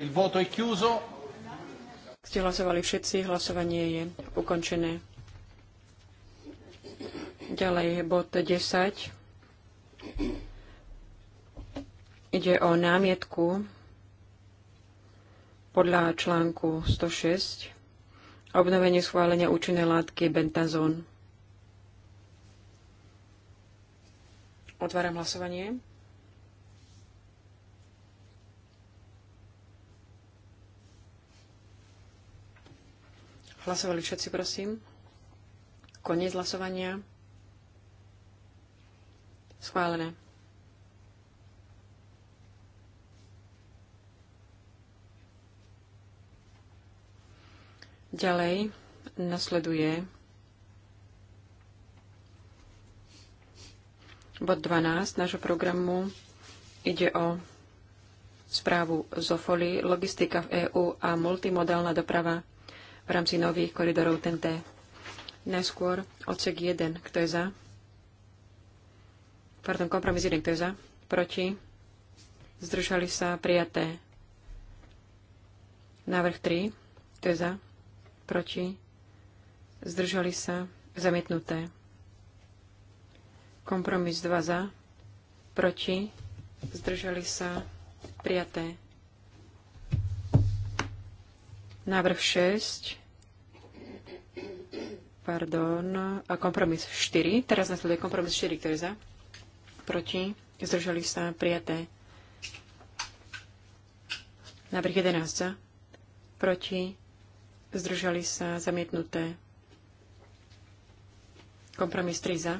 Il voto è chiuso. Ste hlasovali všetci, hlasovanie je ukončené. Ďalej je bod 10. Ide o námietku podľa článku 106 obnovenie schválenia účinnej látky bentazón. Otváram hlasovanie. Hlasovali všetci, prosím. Koniec hlasovania. Schválené. Ďalej nasleduje bod 12 nášho programu. Ide o správu Zofoli, logistika v EÚ a multimodálna doprava v rámci nových koridorov TNT. Najskôr odsek 1, kto je za? Pardon, kompromis 1, kto je za? Proti? Zdržali sa prijaté. Návrh 3, kto je za? Proti? Zdržali sa zamietnuté. Kompromis 2 za, proti, zdržali sa prijaté. Návrh 6 pardon, kompromis 4. Teraz nasleduje kompromis 4, ktorý je za, proti, zdržali sa, prijaté. Návrh 11 za, proti, zdržali sa, zamietnuté. Kompromis 3 za,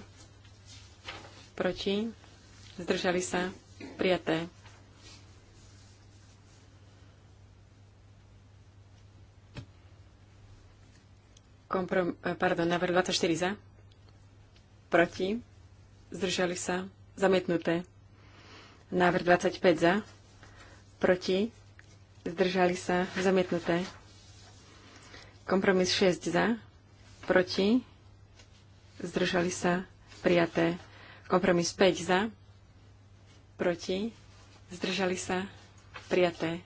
proti, zdržali sa, prijaté. Komprom, eh, pardon, návrh 24 za. Proti. Zdržali sa. Zamietnuté. Návrh 25 za. Proti. Zdržali sa. Zamietnuté. Kompromis 6 za. Proti. Zdržali sa. Prijaté. Kompromis 5 za. Proti. Zdržali sa. Prijaté.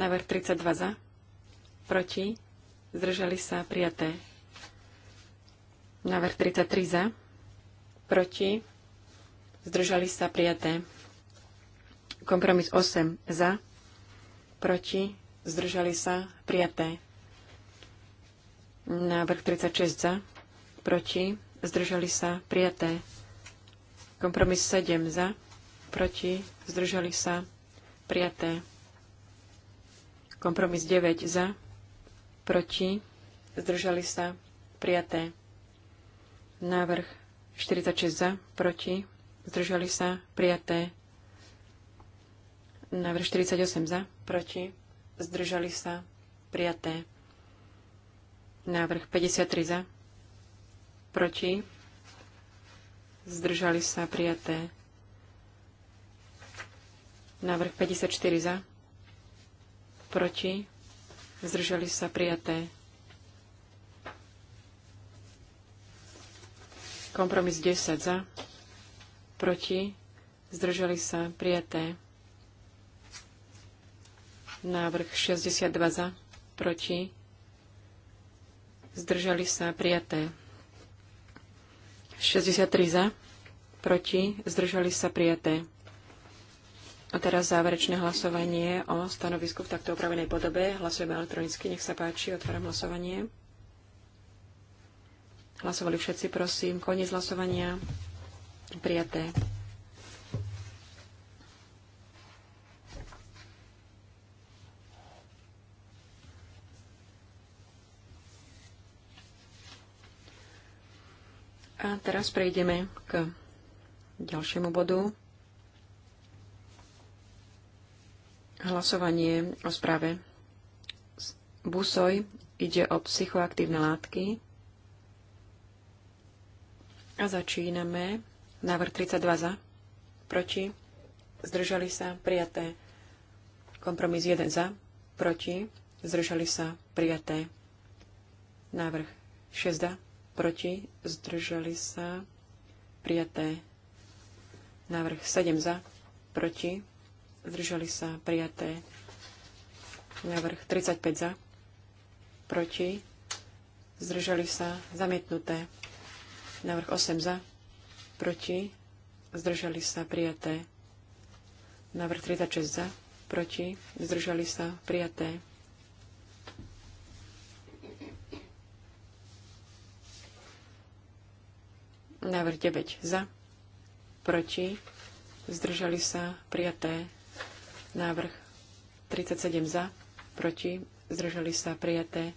Návrh 32 za. Proti. Zdržali sa prijaté. Návrh 33 za. Proti. Zdržali sa prijaté. Kompromis 8 za. Proti. Zdržali sa prijaté. Návrh 36 za. Proti. Zdržali sa prijaté. Kompromis 7 za. Proti. Zdržali sa prijaté. Kompromis 9 za, proti, zdržali sa, prijaté. Návrh 46 za, proti, zdržali sa, prijaté. Návrh 48 za, proti, zdržali sa, prijaté. Návrh 53 za, proti, zdržali sa, prijaté. Návrh 54 za, proti, zdržali sa prijaté. Kompromis 10 za, proti, zdržali sa prijaté. Návrh 62 za, proti, zdržali sa prijaté. 63 za, proti, zdržali sa prijaté. A teraz záverečné hlasovanie o stanovisku v takto upravenej podobe. Hlasujeme elektronicky, nech sa páči, otváram hlasovanie. Hlasovali všetci, prosím. Koniec hlasovania. Prijaté. A teraz prejdeme k ďalšiemu bodu. hlasovanie o správe. Busoj ide o psychoaktívne látky. A začíname. Návrh 32 za. Proti. Zdržali sa. Prijaté. Kompromis 1 za. Proti. Zdržali sa. Prijaté. Návrh 6 za. Proti. Zdržali sa. Prijaté. Návrh 7 za. Proti zdržali sa prijaté. Návrh 35 za, proti, zdržali sa zamietnuté. Návrh 8 za, proti, zdržali sa prijaté. Návrh 36 za, proti, zdržali sa prijaté. Návrh 9 za, proti, zdržali sa prijaté. Návrh 37 za, proti, zdržali sa prijaté.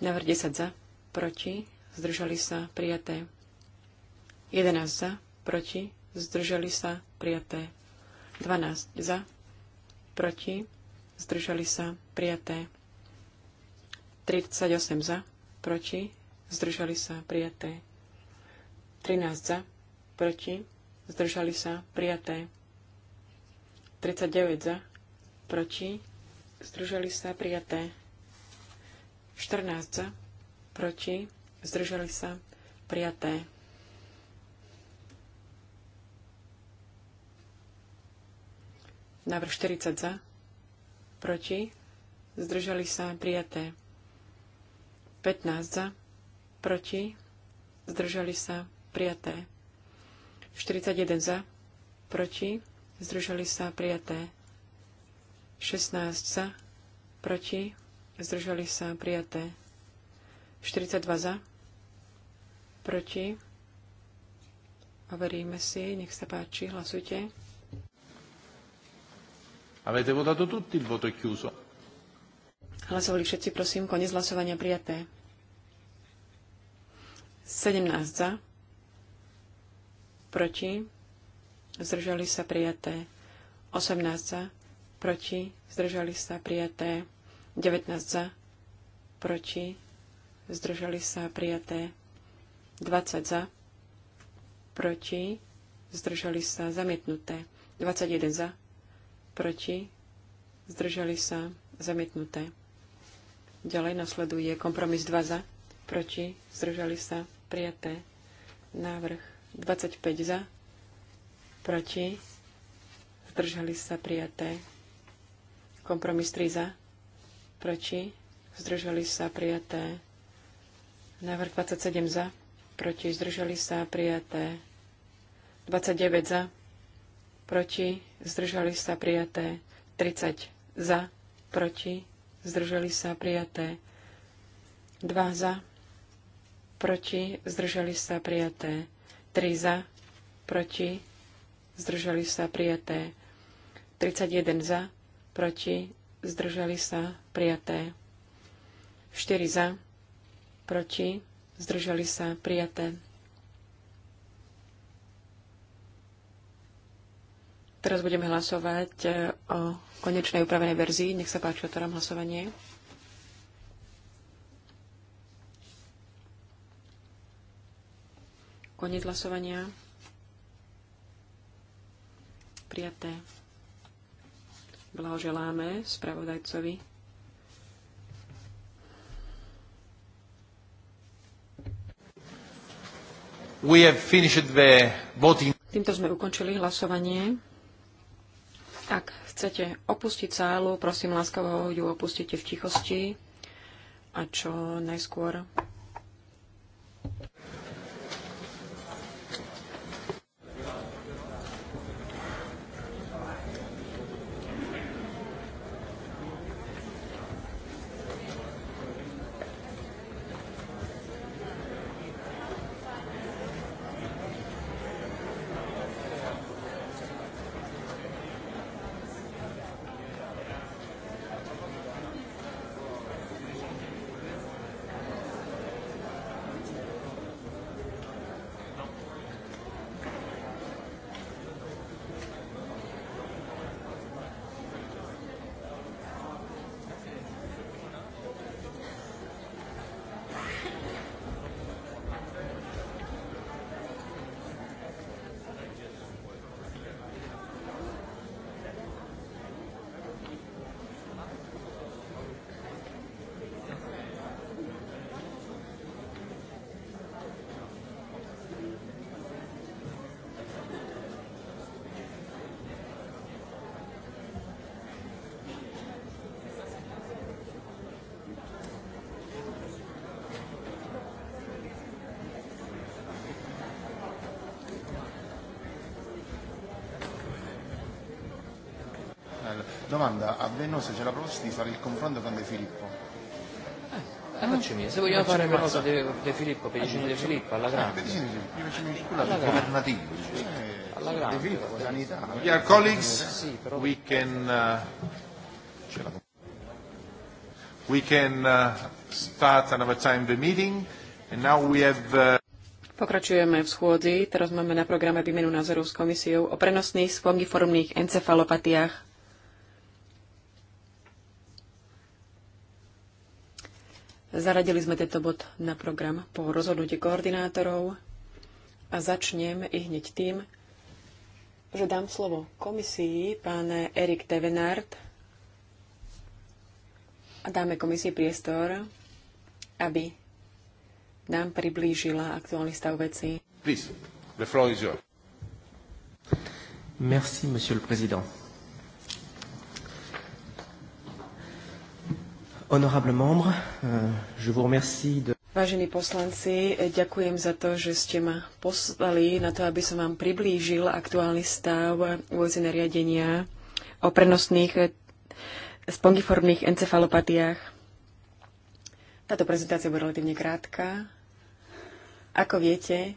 Návrh 10 za, proti, zdržali sa prijaté. 11 za, proti, zdržali sa prijaté. 12 za, proti, zdržali sa prijaté. 38 za, proti, zdržali sa prijaté. 13 za, proti, zdržali sa prijaté. 39 za, proti, zdržali sa prijaté. 14 za, proti, zdržali sa prijaté. Návrh 40 za, proti, zdržali sa prijaté. 15 za, proti, zdržali sa prijaté. 41 za, proti, zdržali sa prijaté. 16 za, proti, zdržali sa prijaté. 42 za, proti, overíme si, nech sa páči, hlasujte. Avete votato tutti, il voto è chiuso. Hlasovali všetci, prosím, koniec hlasovania prijaté. 17 za, proti, zdržali sa prijaté. 18 za, proti, zdržali sa prijaté. 19 za, proti, zdržali sa prijaté. 20 za, proti, zdržali sa zamietnuté. 21 za, proti, zdržali sa zamietnuté. Ďalej nasleduje kompromis 2 za, proti, zdržali sa prijaté. Návrh 25 za, proti, zdržali sa prijaté. Kompromis 3 za, proti, zdržali sa prijaté. Návrh 27 za, proti, zdržali sa prijaté. 29 za, proti, zdržali sa prijaté. 30 za, proti, zdržali sa prijaté. 2 za, proti, zdržali sa prijaté. 3 za, proti, zdržali sa prijaté. 31 za, proti, zdržali sa prijaté. 4 za, proti, zdržali sa prijaté. Teraz budeme hlasovať e, o konečnej upravenej verzii. Nech sa páči, otváram hlasovanie. Koniec hlasovania. Prijaté. Blahoželáme spravodajcovi. We have finished the voting. Týmto sme ukončili hlasovanie. Ak chcete opustiť sálu, prosím láskavo ju opustite v tichosti a čo najskôr. Domanda, a Venosa c'è la proposta di fare il confronto con De Filippo. Eh, eh facci mia, se vogliamo fare una cosa De, De Filippo, Pedicini De Filippo, alla grande. Pedicini De Filippo, quello governativo. Alla grande. Eh, De Filippo, sanità. Dear colleagues, we can... Uh, la We can uh, start another time the meeting. And now we have... Uh... Pokračujeme v schôdzi. Teraz máme na programe výmenu názorov s komisiou o prenosných spongiformných encefalopatiách. Zaradili sme tento bod na program po rozhodnutí koordinátorov a začnem i hneď tým, že dám slovo komisii pán Erik Tevenard a dáme komisii priestor, aby nám priblížila aktuálny stav veci. Please, the floor is yours. Merci, monsieur le président. Euh, Vážení poslanci, ďakujem za to, že ste ma poslali na to, aby som vám priblížil aktuálny stav vôzy nariadenia o prenosných eh, spongiformných encefalopatiách. Táto prezentácia bude relatívne krátka. Ako viete,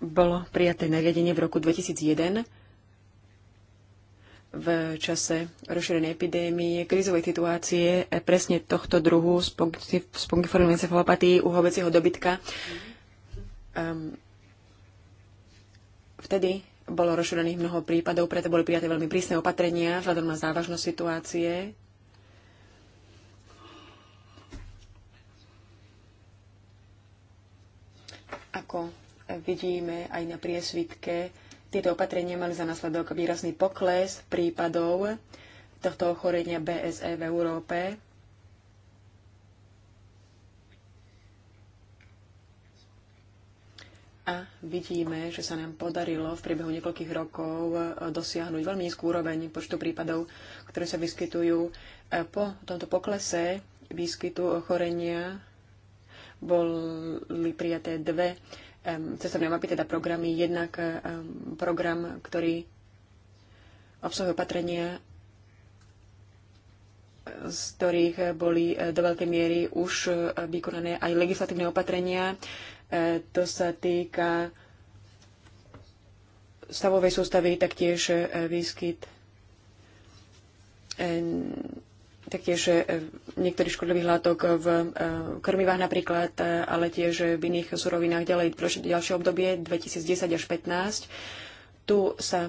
bolo prijaté nariadenie v roku 2001 v čase rozšírenej epidémie, krizovej situácie e, presne tohto druhu spongiformnej encefalopatii u hovecieho dobytka. Um, vtedy bolo rozšírených mnoho prípadov, preto boli prijaté veľmi prísne opatrenia vzhľadom na závažnosť situácie. Ako vidíme aj na priesvitke, tieto opatrenia mali za následok výrazný pokles prípadov tohto ochorenia BSE v Európe. A vidíme, že sa nám podarilo v priebehu niekoľkých rokov e, dosiahnuť veľmi nízku úroveň počtu prípadov, ktoré sa vyskytujú. E, po tomto poklese výskytu ochorenia boli prijaté dve cestovné mapy, teda programy. Jednak program, ktorý obsahuje opatrenia, z ktorých boli e, do veľkej miery už e, vykonané aj legislatívne opatrenia. E, to sa týka stavovej sústavy, taktiež výskyt taktiež e, niektorých škodlivých látok v e, krmivách napríklad, e, ale tiež v iných surovinách ďalej ďalšie obdobie 2010 až 2015. Tu sa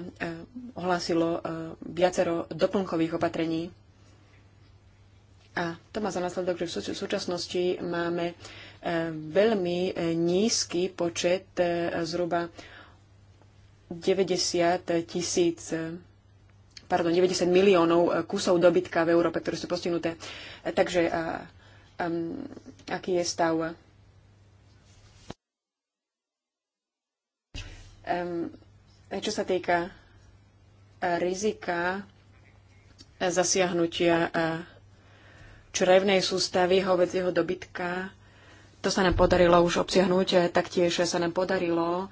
ohlásilo viacero doplnkových opatrení. A to má za následok, že v súčasnosti máme veľmi nízky počet, zhruba 90 tisíc pardon, 90 miliónov eh, kusov dobytka v Európe, ktoré sú postihnuté. Eh, takže a, eh, a, aký je stav? Um, čo sa týka rizika zasiahnutia črevnej sústavy hovedzieho dobytka, to sa nám podarilo už obsiahnuť, taktiež sa nám podarilo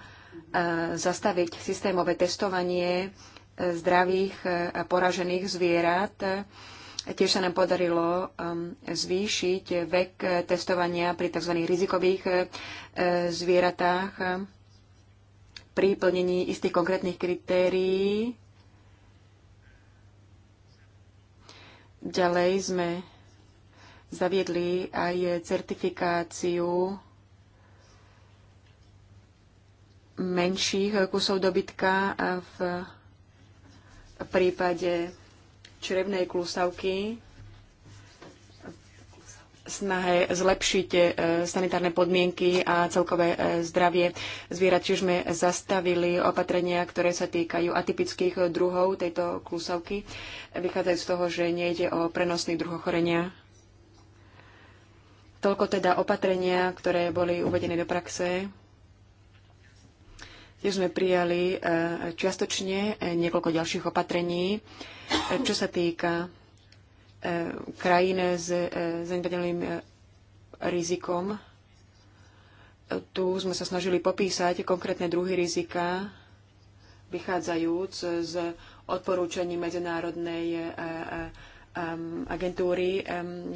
zastaviť systémové testovanie zdravých a poražených zvierat. Tiež sa nám podarilo um, zvýšiť vek testovania pri tzv. rizikových e, zvieratách um, pri plnení istých konkrétnych kritérií. Ďalej sme zaviedli aj certifikáciu menších kusov dobytka v prípade črevnej klusavky snahe zlepšiť e, sanitárne podmienky a celkové e, zdravie zvierat. Čiže sme zastavili opatrenia, ktoré sa týkajú atypických druhov tejto klusavky, vychádzajú z toho, že nejde o prenosný druh ochorenia. Toľko teda opatrenia, ktoré boli uvedené do praxe Tiež sme prijali eh, čiastočne eh, niekoľko ďalších opatrení, eh, čo sa týka krajín s zanedbateľným rizikom. Tu sme sa snažili popísať konkrétne druhy rizika, vychádzajúc z odporúčaní Medzinárodnej agentúry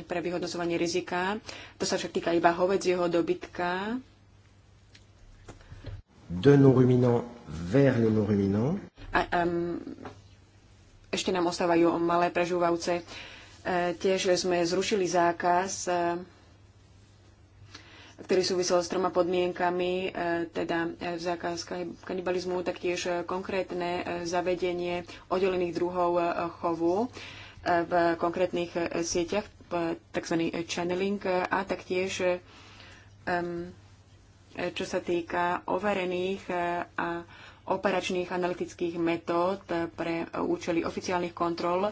pre vyhodnocovanie rizika. To sa však týka iba hovedzieho dobytka de non-ruminants vers les non-ruminants. ešte nám ostávajú malé prežúvavce. E, tiež sme zrušili zákaz, e, ktorý súvisel s troma podmienkami, e, teda e, zákaz kanibalizmu, taktiež e, konkrétne e, zavedenie oddelených druhov chovu v konkrétnych sieťach, tzv. channeling a taktiež um, E, čo sa týka overených e, a operačných analytických metód e, pre účely oficiálnych kontrol.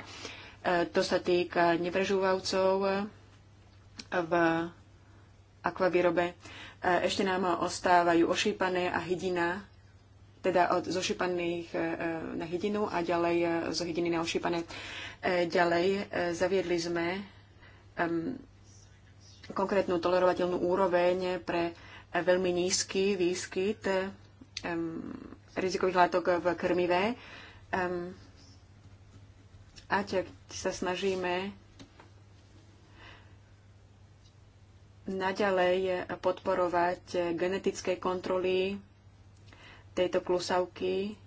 To sa týka nevrežúvavcov v akvavýrobe. Ešte nám ostávajú ošípané a hydina, teda od zošípaných na hydinu a ďalej zo hydiny na ošípané. Ďalej zaviedli sme konkrétnu tolerovateľnú úroveň pre veľmi nízky výskyt um, rizikových látok v krmivé. Um, a tak sa snažíme naďalej podporovať genetické kontroly tejto klusavky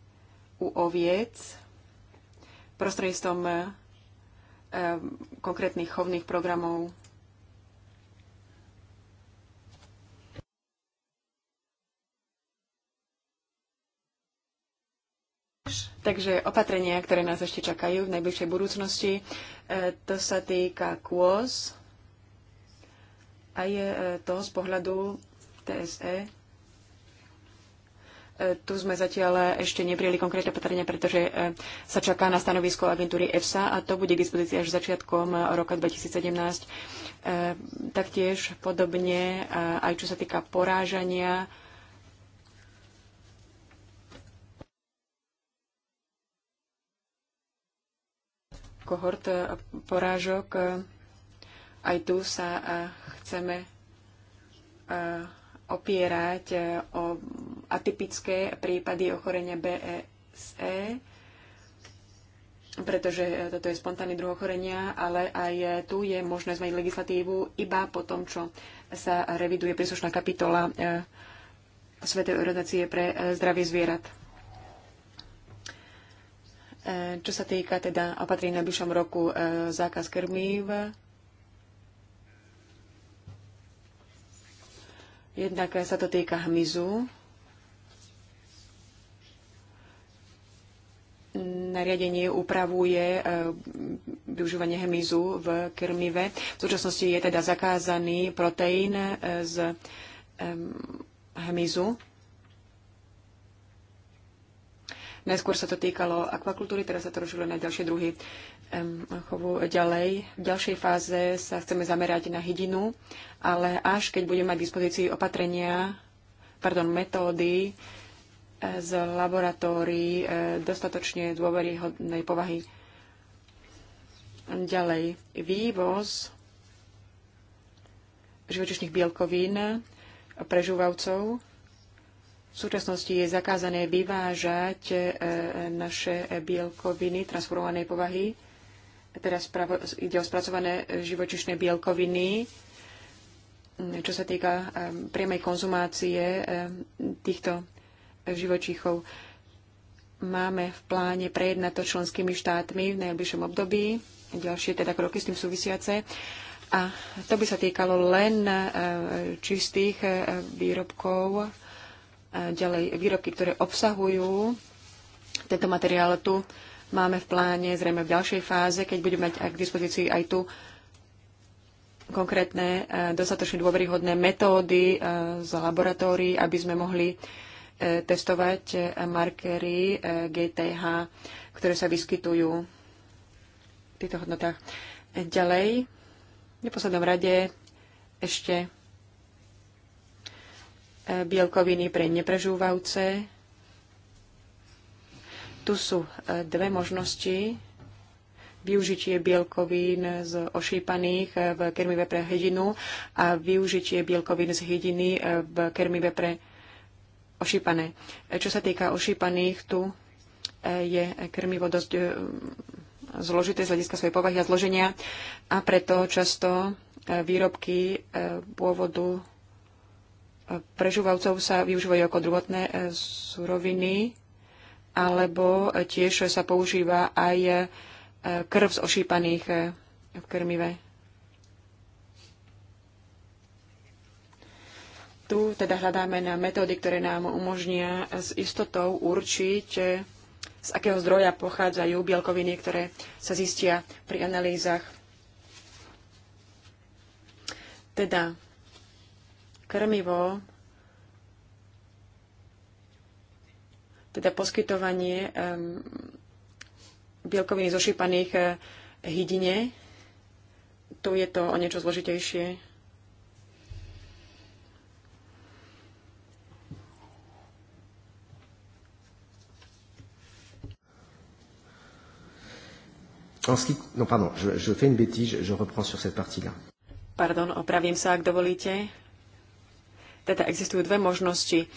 u oviec prostredníctvom konkrétnych chovných programov Takže opatrenia, ktoré nás ešte čakajú v najbližšej budúcnosti, e, to sa týka kôz a je e, to z pohľadu TSE. E, tu sme zatiaľ ešte neprijeli konkrétne opatrenia, pretože sa čaká na stanovisko agentúry EFSA a to bude k dispozícii až začiatkom roka 2017. Taktiež podobne aj čo sa týka porážania kohort e, porážok. E, aj tu sa e, chceme opierať o atypické prípady ochorenia BSE, pretože toto je spontánny druh ochorenia, ale aj tu je možné zmeniť legislatívu iba po tom, čo sa reviduje príslušná kapitola Svetej organizácie pre zdravie zvierat. E, čo sa týka teda opatrí na bližšom roku e, zákaz krmív, jednak e, sa to týka hmyzu, nariadenie upravuje využívanie hmyzu v krmive. V súčasnosti je teda zakázaný proteín z hmyzu. Najskôr sa to týkalo akvakultúry, teraz sa to rozšírilo na ďalšie druhy chovu ďalej. V ďalšej fáze sa chceme zamerať na hydinu, ale až keď budeme mať v dispozícii opatrenia, pardon, metódy eh, z laboratórií eh, dostatočne dôveryhodnej povahy. Ďalej, vývoz živočišných bielkovín eh, prežúvavcov v súčasnosti je zakázané vyvážať e, naše bielkoviny transformovanej povahy, teda ide o spracované živočišné bielkoviny, čo sa týka e, priamej konzumácie e, týchto živočíchov. Máme v pláne prejednať to členskými štátmi v najbližšom období, ďalšie teda kroky s tým súvisiace. A to by sa týkalo len čistých výrobkov, Ďalej, výrobky, ktoré obsahujú tento materiál tu máme v pláne, zrejme v ďalšej fáze, keď budeme mať aj k dispozícii aj tu konkrétne e, dostatočne dôveryhodné metódy e, z laboratórií, aby sme mohli e, testovať markery GTH, ktoré sa vyskytujú v týchto hodnotách. Ďalej, v neposlednom rade ešte bielkoviny pre neprežúvajúce. Tu sú e, dve možnosti. Využitie bielkovín z ošípaných e, v kermive pre hydinu a využitie bielkovín z hydiny e, v kermive pre ošípané. Čo sa týka ošípaných, tu je krmivo dosť zložité z hľadiska svojej povahy a zloženia a preto často výrobky pôvodu prežúvavcov sa využívajú ako druhotné e, suroviny, alebo tiež sa používa aj e, krv z ošípaných e, v krmive. Tu teda hľadáme na metódy, ktoré nám umožnia s istotou určiť, z akého zdroja pochádzajú bielkoviny, ktoré sa zistia pri analýzach. Teda krmivo, teda poskytovanie um, bielkoviny zošípaných uh, hydine, tu je to o niečo zložitejšie. pardon, je, je fais une bêtise, je reprends sur cette partie-là. Pardon, opravím sa, ak dovolíte. Teda existujú dve možnosti. E,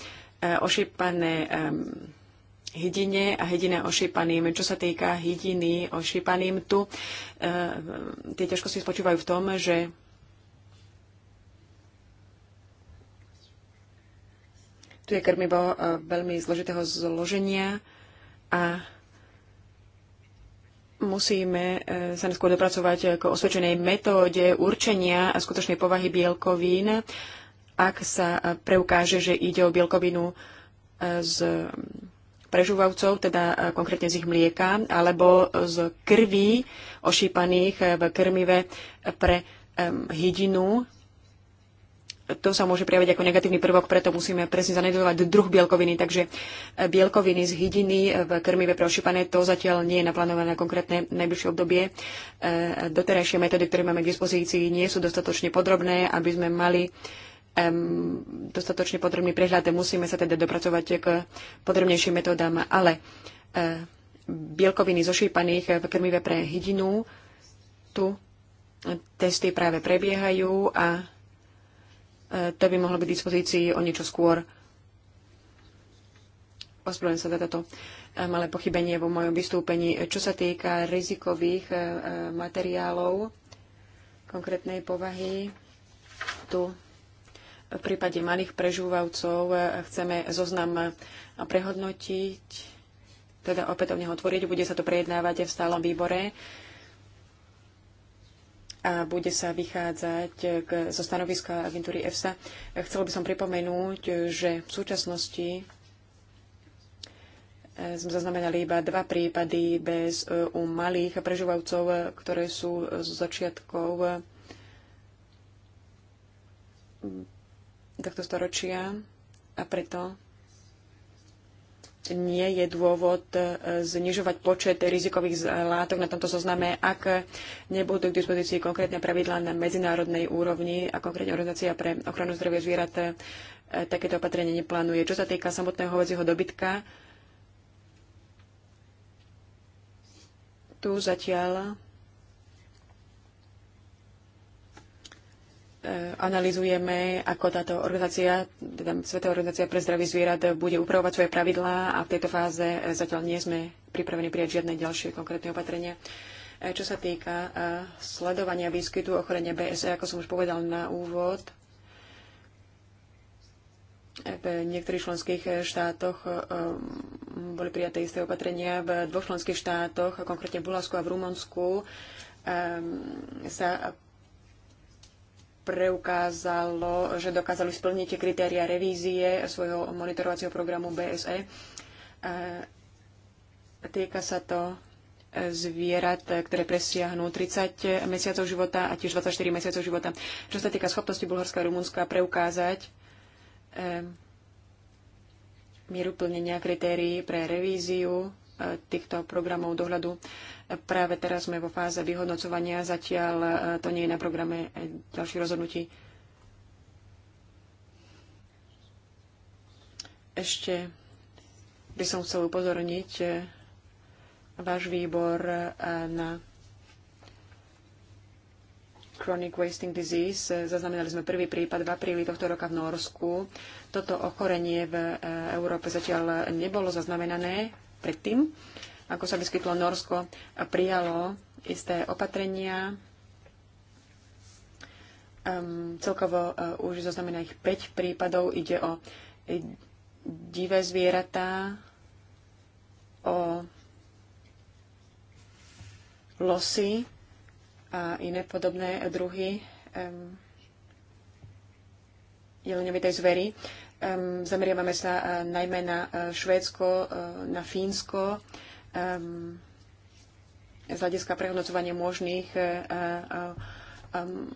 ošípané e, hydine a hydine ošípaným. Čo sa týka hydiny ošípaným, tu e, tie ťažkosti spočívajú v tom, že tu je krmivo e, veľmi zložitého zloženia a musíme sa neskôr dopracovať k osvedčenej metóde určenia a skutočnej povahy bielkovín ak sa e, preukáže, že ide o bielkovinu e, z prežúvavcov, teda e, konkrétne z ich mlieka, alebo z krví ošípaných v krmive pre hydinu. To sa môže prijaviť ako negatívny prvok, preto musíme presne zanedovať druh bielkoviny. Takže bielkoviny z hydiny v krmive pre ošípané, to zatiaľ nie je naplánované na konkrétne najbližšie obdobie. Doterajšie metódy, ktoré máme k dispozícii, nie sú dostatočne podrobné, aby sme mali dostatočne podrobný prehľad. a Musíme sa teda dopracovať k podrobnejším metódám, ale e, bielkoviny zošípaných v krmive pre hydinu, tu testy práve prebiehajú a e, to by mohlo byť v dispozícii o niečo skôr. Ospravedlňujem sa za toto e, malé pochybenie vo mojom vystúpení. Čo sa týka rizikových materiálov konkrétnej povahy, tu v prípade malých prežúvavcov e, chceme zoznam e, prehodnotiť, teda opätovne ho otvoriť. Bude sa to prejednávať v stálom výbore a bude sa vychádzať e, k, zo stanoviska agentúry EFSA. Chcel by som pripomenúť, že v súčasnosti sme zaznamenali iba dva prípady bez u malých prežívavcov, ktoré sú z začiatkov tohto storočia a preto nie je dôvod e, znižovať počet rizikových látok na tomto zozname, ak nebudú k dispozícii konkrétne pravidlá na medzinárodnej úrovni a konkrétne organizácia pre ochranu zdravia zvierat e, takéto opatrenie neplánuje. Čo sa týka samotného hovedzieho dobytka, tu zatiaľ E, analizujeme, ako táto organizácia, teda Svetová organizácia pre zdravie zvierat, bude upravovať svoje pravidlá a v tejto fáze e, zatiaľ nie sme pripravení prijať žiadne ďalšie konkrétne opatrenia. E, čo sa týka sledovania výskytu ochorenia BSE, ako som už povedal na úvod, v niektorých členských štátoch boli prijaté isté opatrenia. V dvoch členských štátoch, konkrétne v Bulharsku a v Rumunsku, sa preukázalo, že dokázali splniť kritéria revízie svojho monitorovacieho programu BSE. E, týka sa to zvierat, ktoré presiahnú 30 mesiacov života a tiež 24 mesiacov života. Čo sa týka schopnosti Bulharska a Rumunska preukázať e, mieru plnenia kritérií pre revíziu, týchto programov dohľadu. Práve teraz sme vo fáze vyhodnocovania, zatiaľ e, to nie je na programe e, ďalších rozhodnutí. Ešte by som chcel upozorniť e, váš výbor na chronic wasting disease. Zaznamenali sme prvý prípad v apríli tohto roka v Norsku. Toto ochorenie v Európe zatiaľ nebolo zaznamenané predtým, ako sa vyskytlo Norsko, prijalo isté opatrenia. Um, celkovo uh, už zaznamená ich 5 prípadov. Ide o e, divé zvieratá, o losy a iné podobné druhy um, ehm, jeleňovitej zvery. Um, zameriavame sa uh, najmä na uh, Švédsko, uh, na Fínsko. Um, z hľadiska prehodnocovania možných uh, uh, um,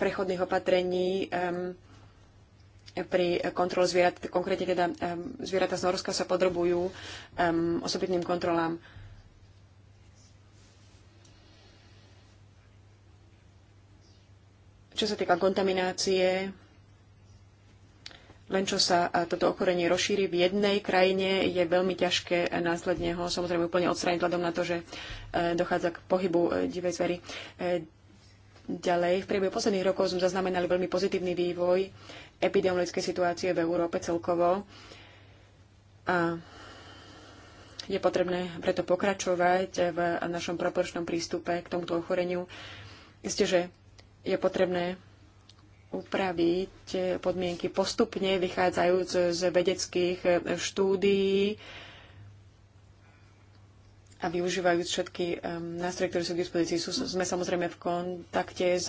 prechodných opatrení um, pri kontrole zvierat, konkrétne teda um, zvieratá z Norska sa podrobujú um, osobitným kontrolám. Čo sa týka kontaminácie, len čo sa toto ochorenie rozšíri v jednej krajine, je veľmi ťažké následne ho samozrejme úplne odstrániť, vzhľadom na to, že e, dochádza k pohybu e, divej zvery. E, ďalej, v priebehu posledných rokov sme zaznamenali veľmi pozitívny vývoj epidemiologickej situácie v Európe celkovo. A je potrebné preto pokračovať v našom proporčnom prístupe k tomuto ochoreniu. Isté, že je potrebné upraviť e, podmienky postupne, vychádzajúc z vedeckých e, štúdií a využívajúc všetky e, nástroje, ktoré sú k dispozícii. sme samozrejme v kontakte s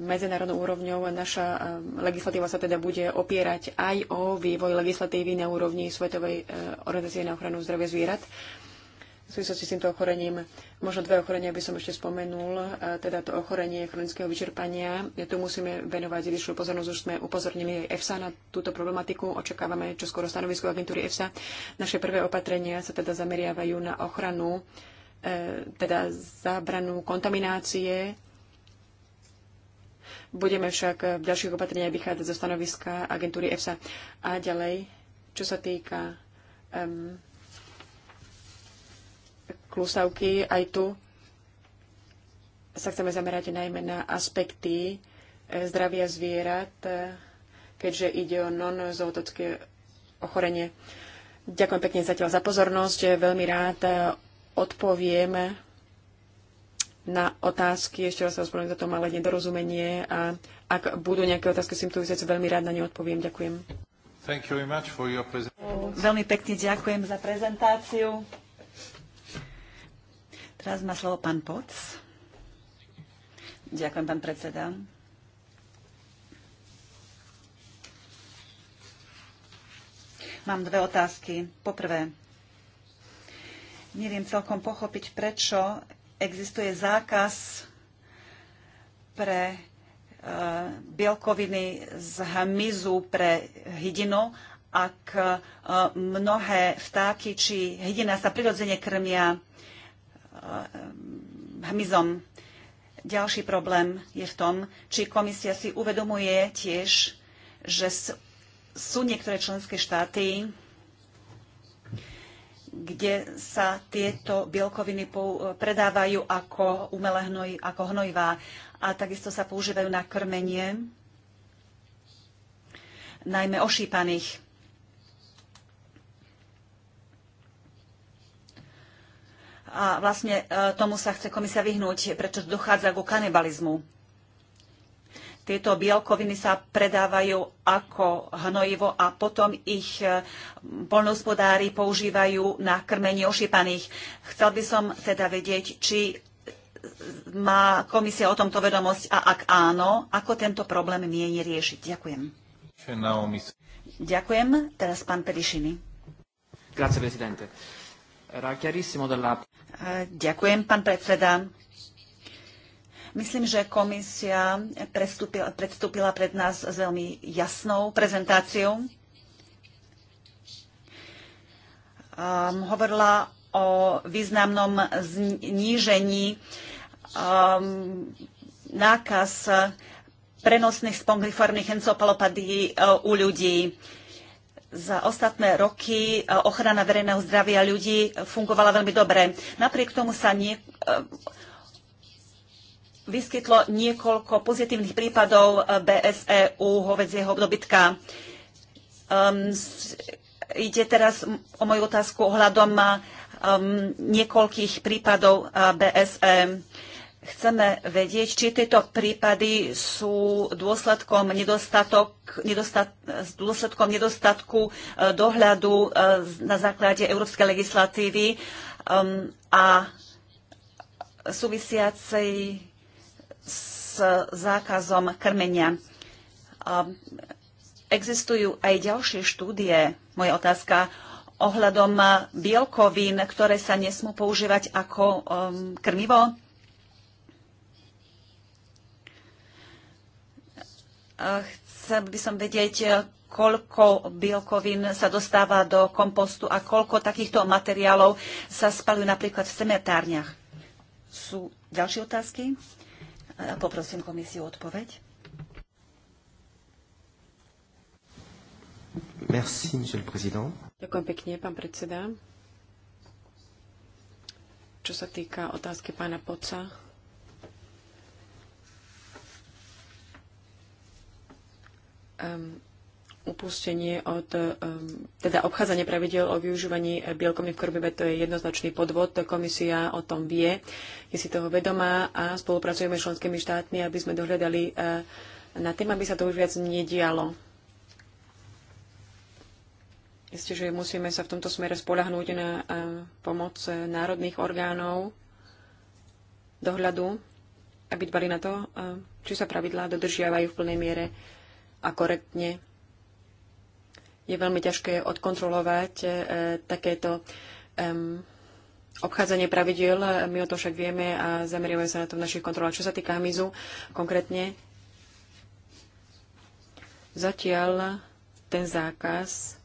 medzinárodnou úrovňou. Naša legislatíva sa teda bude opierať aj o vývoj legislatívy na úrovni Svetovej organizácie na ochranu zdravia zvierat v súvislosti s týmto ochorením. Možno dve ochorenia by som ešte spomenul, teda to ochorenie chronického vyčerpania. Tu musíme venovať vyššiu pozornosť, už sme upozornili aj EFSA na túto problematiku, očakávame čo skoro stanovisko agentúry EFSA. Naše prvé opatrenia sa teda zameriavajú na ochranu, e, teda zábranu kontaminácie. Budeme však v ďalších opatreniach vychádzať zo stanoviska agentúry EFSA. A ďalej, čo sa týka um, klusavky. Aj tu sa chceme zamerať najmä na aspekty e, zdravia zvierat, e, keďže ide o non-zootocké ochorenie. Ďakujem pekne zatiaľ za pozornosť. Veľmi rád e, odpoviem na otázky. Ešte raz sa ospravedlňujem za to malé nedorozumenie a ak budú nejaké otázky s týmto veľmi rád na ne odpoviem. Ďakujem. Veľmi pekne ďakujem za prezentáciu. Teraz má slovo pán Poc. Ďakujem, pán predseda. Mám dve otázky. Poprvé, neviem celkom pochopiť, prečo existuje zákaz pre e, bielkoviny z hmyzu pre hydinu, ak e, mnohé vtáky či hydina sa prirodzene krmia Eh, hmyzom. Ďalší problém je v tom, či komisia si uvedomuje tiež, že sú niektoré členské štáty, kde sa tieto bielkoviny predávajú ako umelé hnoj, ako hnojivá a takisto sa používajú na krmenie, najmä ošípaných. A vlastne e, tomu sa chce komisia vyhnúť, pretože dochádza ku kanibalizmu. Tieto bielkoviny sa predávajú ako hnojivo a potom ich e, poľnohospodári používajú na krmenie ošípaných. Chcel by som teda vedieť, či má komisia o tomto vedomosť a ak áno, ako tento problém mieni riešiť. Ďakujem. Ďakujem. Teraz pán Pedišiny. Grazie, presidente. Eh, ďakujem, pán predseda. Myslím, že komisia predstúpila, pred nás s veľmi jasnou prezentáciou. Um, hovorila o významnom znížení um, nákaz prenosných spongiformných encefalopatií eh, u ľudí za ostatné roky e, ochrana verejného zdravia ľudí e, fungovala veľmi dobre. Napriek tomu sa nie, e, vyskytlo niekoľko pozitívnych prípadov BSE u hovedzieho dobytka. Um, ide teraz o moju otázku ohľadom um, niekoľkých prípadov BSE. Chceme vedieť, či tieto prípady sú dôsledkom, nedostatok, nedostat, dôsledkom nedostatku e, dohľadu e, na základe európskej legislatívy e, a súvisiacej s zákazom krmenia. Existujú aj ďalšie štúdie, moja otázka, ohľadom bielkovín, ktoré sa nesmú používať ako krmivo? Chcel by som vedieť, koľko bielkovín sa dostáva do kompostu a koľko takýchto materiálov sa spalujú napríklad v semetárniach. Sú ďalšie otázky? E, poprosím komisiu o odpoveď. Merci, monsieur le président. Ďakujem pekne, pán predseda. Čo sa týka otázky pána Poca, upustenie od, ehm, teda obchádzanie pravidel o využívaní eh, bielkomy v krmive, to je jednoznačný podvod, komisia o tom vie, je si toho vedomá a spolupracujeme s členskými štátmi, aby sme dohľadali eh, na tým, aby sa to už viac nedialo. Isté, že musíme sa v tomto smere spolahnúť na eh, pomoc národných orgánov dohľadu, aby dbali na to, či sa pravidlá dodržiavajú v plnej miere a korektne je veľmi ťažké odkontrolovať e, takéto obchádzanie pravidiel. My o to však vieme a zameriavame sa na to v našich kontrolách. Čo sa týka hmyzu konkrétne, zatiaľ ten zákaz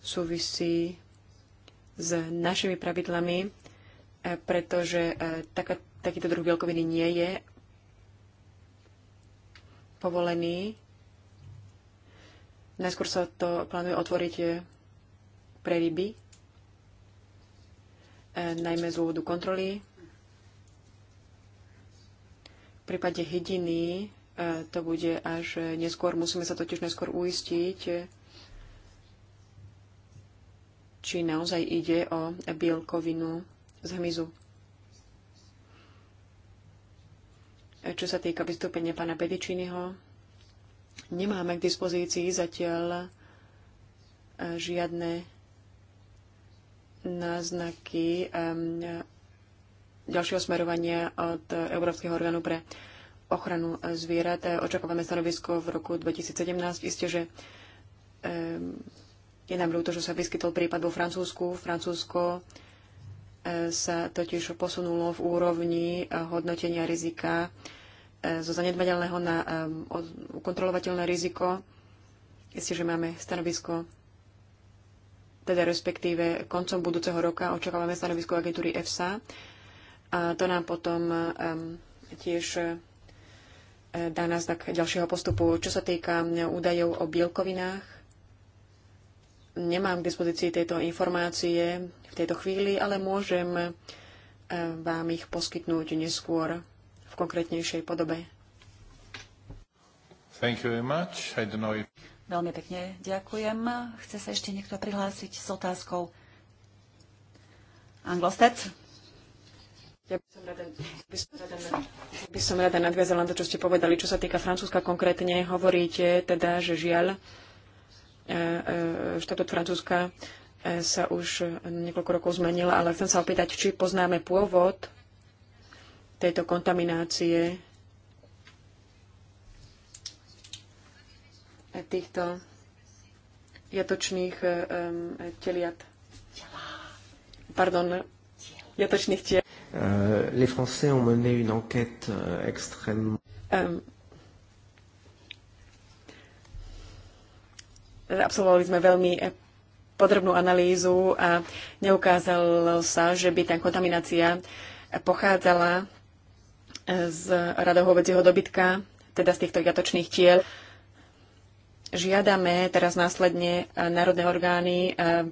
súvisí s našimi pravidlami, e, pretože e, taká, takýto druh bielkoviny nie je povolený Najskôr sa to plánuje otvoriť eh, pre ryby, eh, najmä z dôvodu kontroly. V prípade hydiny eh, to bude až neskôr. Musíme sa totiž neskôr uistiť, či naozaj ide o bielkovinu z hmyzu. Čo sa týka vystúpenia pána Pedičínyho, Nemáme k dispozícii zatiaľ e, žiadne náznaky ďalšieho smerovania od Európskeho orgánu pre ochranu zvierat. E, očakávame stanovisko v roku 2017. Isté, že je nám ľúto, že sa vyskytol prípad vo Francúzsku. Francúzsko e, sa totiž posunulo v úrovni hodnotenia rizika zo zanedbateľného na kontrolovateľné riziko. Isté, že máme stanovisko, teda respektíve koncom budúceho roka očakávame stanovisko agentúry EFSA a to nám potom tiež e, dá nás tak ďalšieho postupu. Čo sa týka údajov o bielkovinách, nemám k dispozícii tejto informácie v tejto chvíli, ale môžem vám ich poskytnúť neskôr konkrétnejšej podobe. Thank you very much. I don't know if... Veľmi pekne ďakujem. Chce sa ešte niekto prihlásiť s otázkou? Anglostec? Ja by som, rada, by, som rada, by som rada nadviazala na to, čo ste povedali, čo sa týka Francúzska konkrétne. Hovoríte teda, že žiaľ, od e, e, Francúzska e, sa už niekoľko rokov zmenil, ale chcem sa opýtať, či poznáme pôvod tejto kontaminácie týchto jatočných um, teliat. Pardon, jatočných tiel. Uh, les Français ont mené une enquête uh, extrêmement... Um, absolvovali sme veľmi eh, podrobnú analýzu a neukázalo sa, že by tá kontaminácia pochádzala z radov hovedzieho dobytka, teda z týchto jatočných tiel. Žiadame teraz následne eh, národné orgány, eh,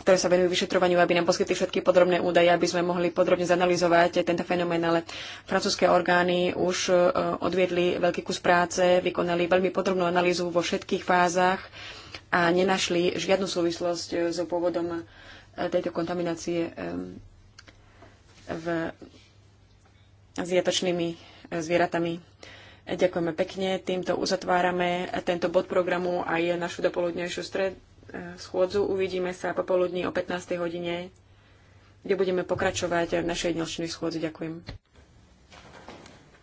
ktoré sa venujú vyšetrovaniu, aby nám poskytli všetky podrobné údaje, aby sme mohli podrobne zanalizovať tento fenomén, ale francúzske orgány už eh, odviedli veľký kus práce, vykonali veľmi podrobnú analýzu vo všetkých fázach a nenašli žiadnu súvislosť so pôvodom tejto kontaminácie v, s jatočnými e, zvieratami. Ďakujeme pekne. Týmto uzatvárame tento bod programu a je našu dopoludnejšiu stred, e, schôdzu. Uvidíme sa popoludní o 15. hodine, kde budeme pokračovať v našej dnešnej schôdzi. Ďakujem.